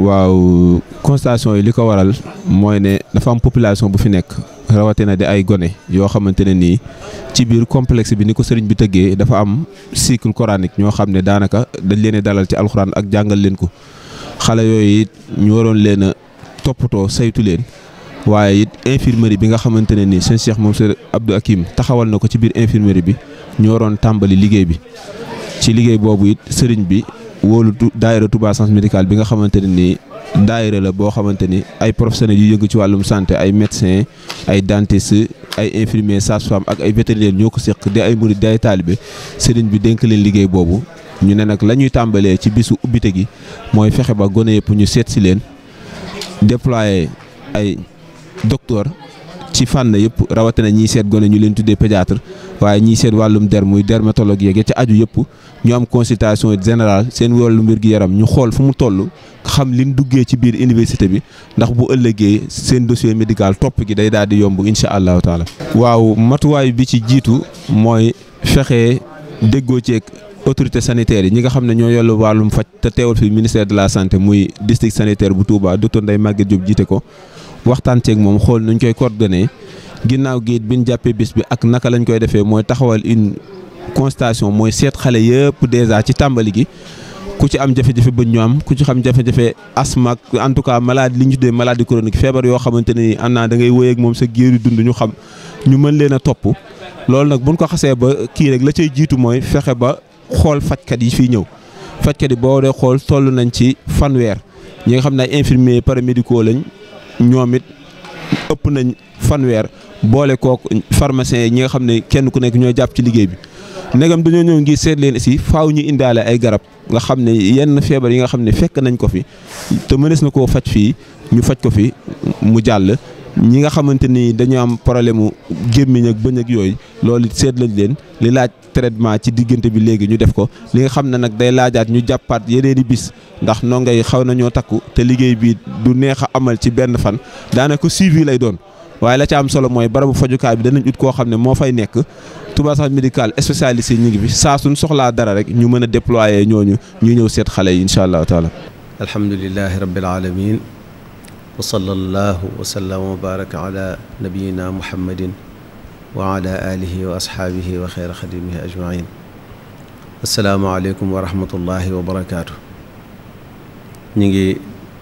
waaw constatation yi li ko waral mooy ne dafa am population bu fi nekk rawatina di ay gone yoo xamante ne nii ci biir complexe bi ni ko sëriñ bi tëggee dafa am cycle coranique ñoo xam ne daanaka dañ leen dalal ci alxuraan ak jàngal leen ko xale yooyu it ñu waroon leen a toppatoo saytu leen waaye it infirmerie bi nga xamante ne nii seen Cheikh moom sëriñ Abdou Hakim taxawal na ko ci biir infirmerie bi ñu waroon tàmbali liggéey bi ci liggéey boobu it sëriñ bi. wóolu daayira Touba science médicale bi nga xamante ne nii daayira la boo xamante ni ay professionnels yu yëngu ci wàllum santé ay médecins ay dentistes ay infirmiers sages-femmes ak ay vétérinaires ñoo ko seq di ay murid di ay taalibe sëriñ bi dénk leen liggéey boobu ñu ne nag la ñuy tàmbalee ci bisu ubbite gi mooy fexe ba gone yëpp ñu seet si leen déployer ay docteurs ci fànn yëpp rawatina ñi seet gone ñu leen tuddee pédiatre waaye ñiy seet wàllum der muy dermatologue yeeg ci aju yëpp ñu am consultation générale seen wàllu wér gi yaram ñu xool fu mu toll xam liñ duggee ci biir université bi ndax bu ëllëgee seen dossier médical topp gi day daal di yomb incha allahu taala. waaw matuwaay bi ci jiitu mooy fexe déggoo ceeg autorité sanitaire yi ñi nga xam ne ñoo yollu wàllum faj te teewal fi ministère de la santé muy district sanitaire bu Touba docteur Ndeye Maguette Diop jiite ko. waxtaan ceeg moom xool nuñ koy coordonné ginnaaw gi bi ñu jàppee bis bi ak naka lañ koy defee mooy taxawal une constatation mooy seet xale yëpp dèjà ci tàmbali gi ku ci am jafe-jafe bëñ ñu am ku ci xam jafe-jafe asthme en tout cas malade li ñu tuddee maladie chronique feebar yoo xamante ni am naa da ngay wëy ak moom sa géeru dund ñu xam ñu mën leen a topp loolu nag buñ ko xasee ba kii rek la cay jiitu mooy fexe ba xool fajkat yi fi ñëw fajkat yi boo dee xool toll nañ ci fanweer ñi nga xam ne ay infirmiers paramédicaux lañ ñoom it ëpp nañ fanweer boole kook pharmacien yi ñi nga xam ne kenn ku nekk ñoo jàpp ci liggéey bi ndegam dañoo ñëw ngi seetleen leen si faaw ñu indaale ay garab nga xam ne yenn feebar yi nga xam ne fekk nañ ko fi te mënees na koo faj fii ñu faj ko fi mu jàll ñi nga xamante ni dañu am problème mu gémmiñ ak bëñ ak yooyu loolu seet lañ leen li laaj traitement ci diggante bi léegi ñu def ko li nga xam ne nag day laajaat ñu jàppaat yeneeni bis ndax ndongo yi xaw nañoo takku te liggéey bi du neex a amal ci benn fan daanaka suivi lay doon. waaye la ca am solo mooy barabu fajukaay bi danañ ut koo xam ne moo fay nekk Touba Santé médical spécialisé ñu ngi fi saa suñ soxlaa dara rek ñu mën a déployer ñooñu ñu ñëw seet xale yi incha allahu taala. alhamdulilah rabbil alamin wa sallallahu wa sallam wa baraka ala nabiyina muhammadin wa ala alihi wa ashaabihi wa xeyra xadimihi ngi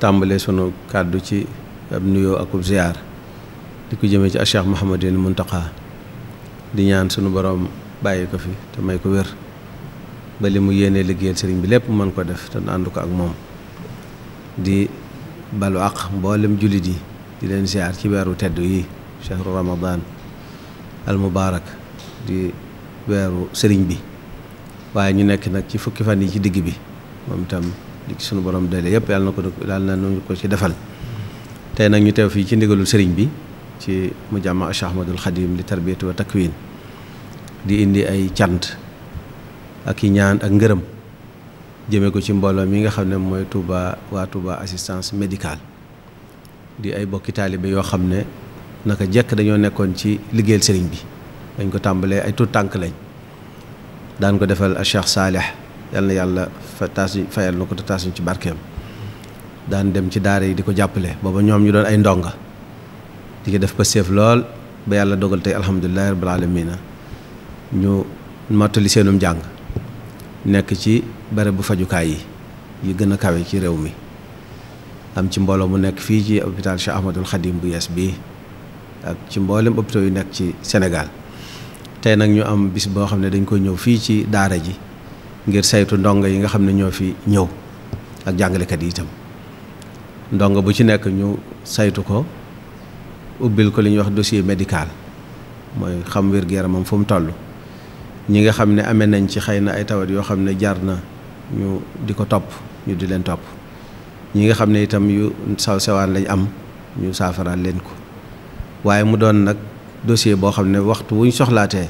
tàmbale sunu kàddu ci ab nuyoo akub ziyaar di ko jëmee ci Cheikh Mouhamadul Muntaqa di ñaan sunu boroom bàyyi ko fi te may ko wér ba mu yéenee liggéeyal sëriñ bi lépp mën ko def te ànd ko ak moom di balu aq mboolem jullit yi di leen siyaar ci weeru tedd yi chahru ramadan al mubaarak di weeru sëriñ bi waaye ñu nekk nag ci fukki fan yi ci digg bi moom itam sunu borom dale yëpp yàlla na ko yàlla na ko ci defal tey nag ñu teew fii ci ndigalul sëriñ bi ci mu jàmma Cheikh Ahmadul Xadim li tarbiyatu wa takwin di indi ay cant ak i ñaan ak ngërëm jëmee ko ci mbooloo mi nga xam ne mooy Touba waa Touba assistance médicale di ay bokki taalibe yoo xam ne naka jekk dañoo nekkoon ci liggéeyal sëriñ bi dañ ko tàmbalee ay tuut tànk lañ daan ko defal a Cheikh Saalih yal na yàlla fa fayal na ko te taasuñ ci barkeem daan dem ci daara yi di ko jàppale booba ñoom ñu doon ay ndonga di ko def ko seef lool ba yàlla dogal tey alhamdulilahi rabbil alamina ñu mottali seenum jàng nekk ci bare bu fajukaay yi yi gën a kawe ci réew mi am ci mbooloo mu nekk fii ci hôpital Cheikh Ahmadul Khadim bu yees bii ak ci mboolem hôpitaux yu nekk ci senegal tey nag ñu am bis boo xam ne dañ koy ñëw fii ci daara ji ngir saytu ndongo yi nga xam ne ñoo fi ñëw ak jàngalekat yi itam ndongo bu ci nekk ñu saytu ko ubbil ko li ñuy wax dossier médical mooy xam wér-gu-yaramam fu mu toll ñi nga xam ne amee nañ ci xëy na ay tawat yoo xam ne jar na ñu di ko topp ñu di leen topp ñi nga xam ne itam yu saw sewaan lañ am ñu saafaraal leen ko waaye mu doon nag dossier boo xam ne waxtu wuñ soxlaatee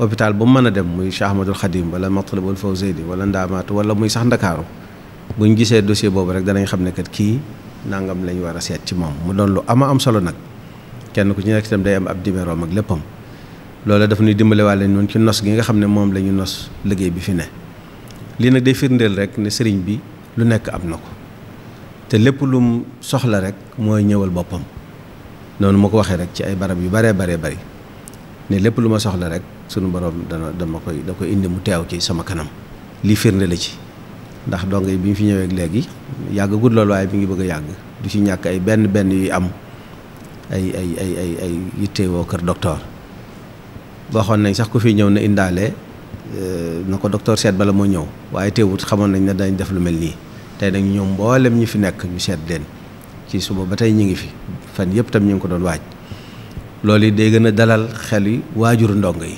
hôpital bu mën a dem muy Cheikh Ahmadul Khadim wala Matlabul Fawzeyni wala Ndaamaatu wala muy sax Ndakaaru bu ñu gisee dossier boobu rek danañ xam ne kat kii nangam lañ war a seet ci moom mu doon lu ama am solo nag kenn ku ci nekk itam day am ab numéro ak léppam. loola dafa ñuy dimbalewaale noonu ci nos gi nga xam ne moom la ñu nos liggéey bi fi ne lii nag day firndeel rek ne sëriñ bi lu nekk am na ko te lépp lum soxla rek mooy ñëwal boppam noonu ma ko waxee rek ci ay barab yu baree baree bari ne lépp lu ma soxla rek sunu borom dana dama koy da koy indi mu teew ci sama kanam lii firnde la ci ndax dong yi bi ñu fi ñëweek léegi yàggagul loolu waaye mi ngi bëgg a yàgg du ci ñàkk ay benn benn yuy am ay ay ay ay ay yittewoo kër docteur waxoon nañ sax ku fi ñëw na indaale euh, na ko docteur seet bala moo ñëw waaye teewut xamoon nañ ne dañ def lu mel nii tey nag ñëw mboolem ñu fi nekk ñu seet leen ci suba ba tey ñu ngi fi fan yëpp tam ñu ngi ko doon waaj loolu day gën a dalal xel yi waajuru ndongo yi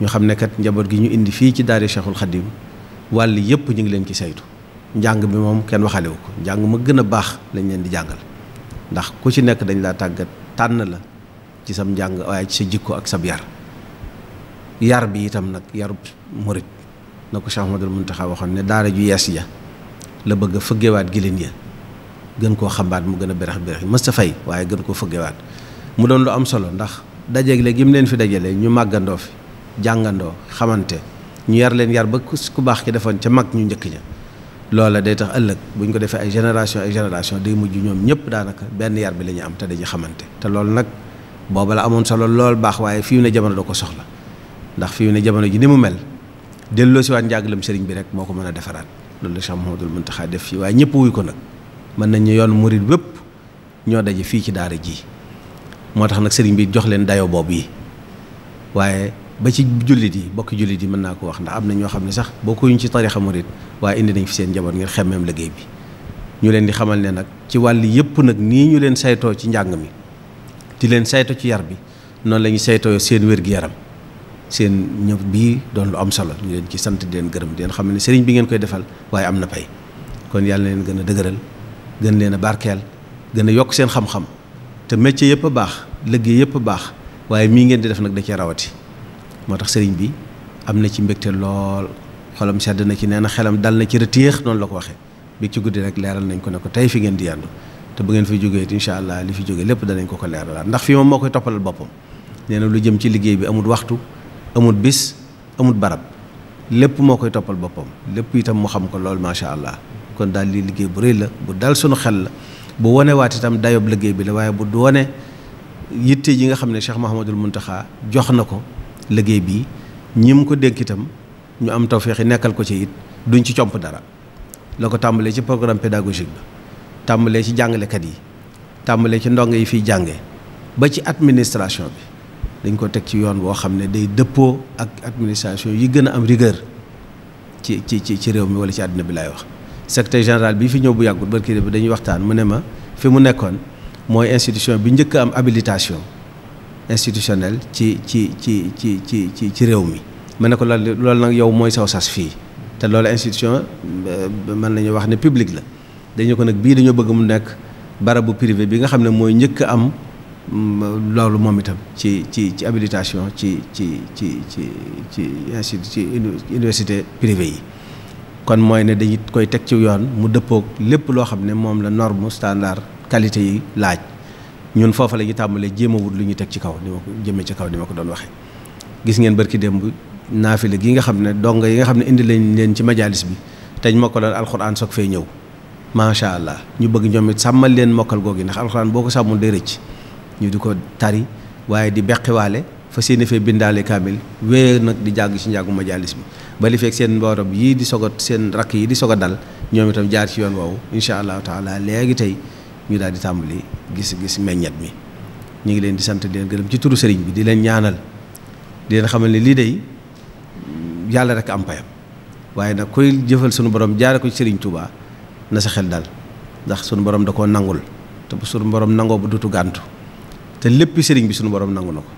ñu xam ne kat njaboot gi ñu indi fii ci daari Cheikhul Khadim wàll yëpp ñu ngi leen ci saytu njàng bi moom kenn waxalewu ko njàng ma gën a baax lañ leen di jàngal ndax ku ci nekk dañ laa tàggat tànn la ci sam njàng waaye ci sa jikko ak sab yar yar bi itam nag yarub murit na ko Cheikh Ahmadul a waxoon ne daara ju yees ja la bëgg a fëggewaat gilin ya gën koo xambaat mu gën a berax berax mës ta fay waaye gën koo fëggewaat mu doon lu am solo ndax dajale gi mu leen fi dajale ñu màggandoo fi jàngandoo xamante ñu yar leen yar ba ku baax ki defoon ca mag ñu njëkk ña loola day tax ëllëg bu ñu ko defee ay génération ay génération day mujj ñoom ñëpp daanaka benn yar bi la ñu am te dañu xamante te loolu nag booba la amoon solo lool baax waaye fii mu jamono da ko soxla ndax fi ne jamono ji ni mu mel delloo si waat njàngalam sëriñ bi rek moo ko mën a defaraat loolu la Cheikh Mouhamadoul Mountakha def fii waaye ñëpp wuy ko nag mën nañu yoon morit bépp ñoo daje fii ci daara ji moo tax nag sëriñ bi jox leen dayo boobu yi waaye ba ci jullit yi bokki jullit yi mën naa ko wax ndax am na ñoo xam ne sax bokkuñu ci tarixa murit waaye indi nañ fi seen njaboot ngir xemmeem liggéey bi ñu leen di xamal ne nag ci wàll yëpp nag nii ñu leen saytoo ci njàng mi di leen sayto ci yar bi noonu la saytoo seen wér yaram seen ñëw bii doon lu am solo ñu leen ci sant di gërëm di xam ne sëriñ bi ngeen koy defal waaye am na pay kon yàlla na leen gën a dëgëral gën leen a barkeel gën a yokk seen xam-xam te métier yëpp a baax liggéey yëpp a baax waaye mii ngeen di def nag da cee rawati moo tax sëriñ bi am na ci mbégte lool xolam sedd na ci nee na xelam dal na ci rëtéex noonu la ko waxee bi ci guddi rek leeral nañ ko ne ko tey fi ngeen di yandu te bu ngeen fi jógee incha allah li fi jógee lépp danañ ko ko leeralaat ndax fii moo koy toppalal boppam jëm ci liggéey bi amul waxtu amul bis amul barab lépp moo koy toppal boppam lépp itam mu xam ko lool macha allah kon daal lii liggéey bu rëy la bu dal sunu xel la bu wanewaat itam dayob liggéey bi la waaye bu wane yitte ji nga xam ne Cheikh Mouhamadul Mountakha jox na ko liggéey bi ñi ko dénk itam ñu am tawféexi nekkal ko ci it duñ ci comp dara la ko tàmbalee ci programme pédagogique ba tàmbalee ci jàngalekat yi tàmbalee ci ndongo yi fiy jànge ba ci administration bi dañ ko teg ci yoon boo xam ne day dëppoo ak administration yi gën a am rigueur ci ci ci ci réew mi wala ci àddina bi laay wax secteur général bi fi ñëw bu yàggul barki bi dañu waxtaan mu ne ma fi mu nekkoon mooy institution bi njëkk am habilitation institutionnelle ci ci ci ci ci ci ci réew mi mu ne ko loolu loolu nag yow mooy saw sas fii te loolu institution euh, mën nañu wax ne publique la dañu ko nag bii dañoo bëgg mu nekk barabu privé bi nga xam ne mooy njëkk am Mm, loolu moom itam ci ci ci habilitation ci ci ci ci ci ci université privée yi kon mooy ne dañu koy teg ci yoon mu dëppook lépp loo xam ne moom la norme standard qualité yi laaj ñun foofa la ñu tàmbalee jéem a wut lu ñu teg ci kaw ni ma ko ci kaw ni ma ko doon waxee. gis ngeen barki démb naafile gi nga xam ne dong yi nga xam ne indi lañ leen ci majalis bi te teñ mokkaloon alxuraan soog fee ñëw macha allah ñu bëgg ñoom it sàmmal leen mokkal googu ndax alxuraan boo ko sàmmul day rëcc. ñu di ko tari waaye di beqiwaale fa seen fee bindaale kaamil wéer nag di jàgg ci njàngu majaalis bi ba li fekk seen mboorob yii di sogo seen rakk yi di sogo dal ñoom itam jaar ci yoon woowu incha allahu taala léegi tey ñu daal di tàmbali gis gis meññet mi ñu ngi leen di sant di leen gërëm ci turu sëriñ bi di leen ñaanal di leen xamal ne lii dey yàlla rek am payam waaye nag koy jëfal sunu borom jaare ko sëriñ Touba na sa xel dal ndax sunu borom da koo nangul te bu nangoo bu dutu gàntu te lépp sëriñ bi suñu borom nangu na ko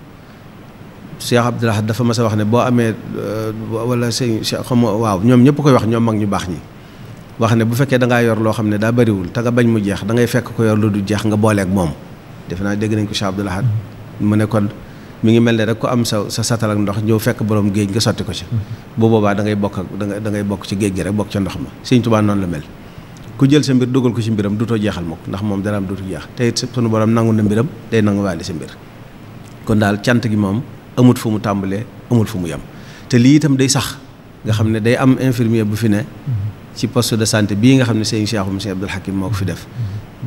Cheikh Abdoul dafa mas wax ne boo amee euh, wala sëriñ Cheikh xam waaw ñoom ñëpp koy wax ñoom mag ñu baax ñi wax ne bu fekkee dangaa yor loo xam ne daa bariwul te nga bañ mu jeex dangay fekk ko yor lu du jeex nga booleek moom defe naa dégg nañ ko Cheikh Abdoul Ahad mu ne kon mu ngi mel ne rek ku am sa sa satal ak ndox ñëw fekk borom géej nga sotti ko ci bu boobaa da ngay bokk da ngay bokk ci géej gi rek bokk ca ndox ma Sëriñ Tuubaa la mel ku jël sa mbir dugal ko ci mbiram dutoo jeexal mukk ndax moom daraam dutu jeex te it sunu borom nangu na mbiram day nanguwaale sa mbir kon daal cant gi moom amut fu mu tàmbalee amut fu mu yem te lii itam day sax nga xam ne day am infirmier bu fi ne ci poste de santé bii nga xam ne sëñ mu monsieur Abdoul Hakim moo ko fi def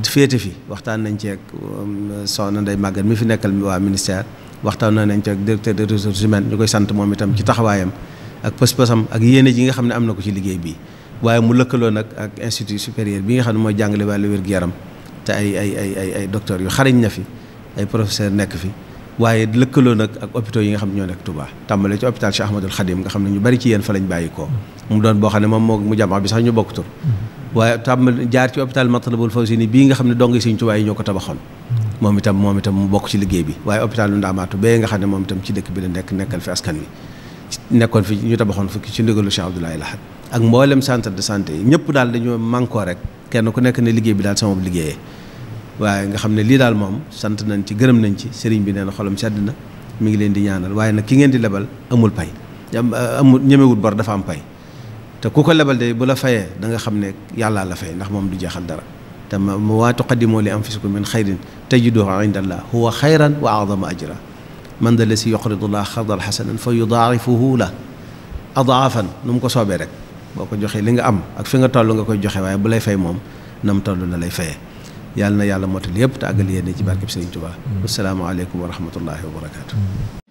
féete fi waxtaan nañ ceeg um, soxna Ndeye Maguette mi fi nekkal mi waa ministère waxtaan nañ ceeg directeur des ressources humaines ñu koy sant moom itam ci taxawaayam ak pës-pësam ak yéene ji nga xam ne am na ko ci liggéey bii waaye mu lëkkaloo nag ak institut supérieur bi nga xam ne mooy jàngale wàllu wér-gu-yaram te ay ay ay ay ay docteurs yu xarañ na fi ay professeur nekk fi waaye lëkkaloo nag ak hôpitaux yi ñoo nekk Touba tàmbale ci hôpital nga xam ne ñu bari ci yéen fa lañ bàyyi koo mu doon boo xam ne moom moo mu bokk tur waaye tàmbale jaar ci hôpital Matlabul Fawzayni bii nga ne dongi Sëriñ Touba yi ko tabaxoon moom itam moom itam mu bokk ci liggéey bi waaye hôpital lu Ndaamaatu bee nga xam ne moom itam ci dëkk bi la nekk nekkal fi askan wi nekkoon fi ñu tabaxoon fukki ci ndigalu Cheikh Abdoulaye Lahad ak mboolem centre de santé yi ñëpp daal dañoo mànkoo rek kenn ku nekk ne liggéey bi daal sama liggéeyee waaye nga xam ne lii daal moom sant nañ ci gërëm nañ ci sëriñ bi nee na xolam sedd na mi ngi leen di ñaanal waaye nag ki ngeen di lebal amul pay eh, amul ñemewut bor dafa am pay te ku ko lebal de bu la fayee da nga xam ne yàllaa la fay ndax moom du jeexal dara te ma waa tuqaddimoo li anfusikum min xayrin tajiduhu inda allah huwa xayran wa azama ajra man da la si yuqridullah xardan xasanan fa yudaarifuhu la adaafan nu mu ko soobee rek boo ko joxee li nga am ak fi nga toll nga koy joxe waaye bu lay fay moom na mu toll la lay fayee yàlla na yàlla motal yëpp te àggal yéene ci barkeb Sëriñ Tuubaa mm. asalaamaaleykum wa rahmatullahi wa barakaatu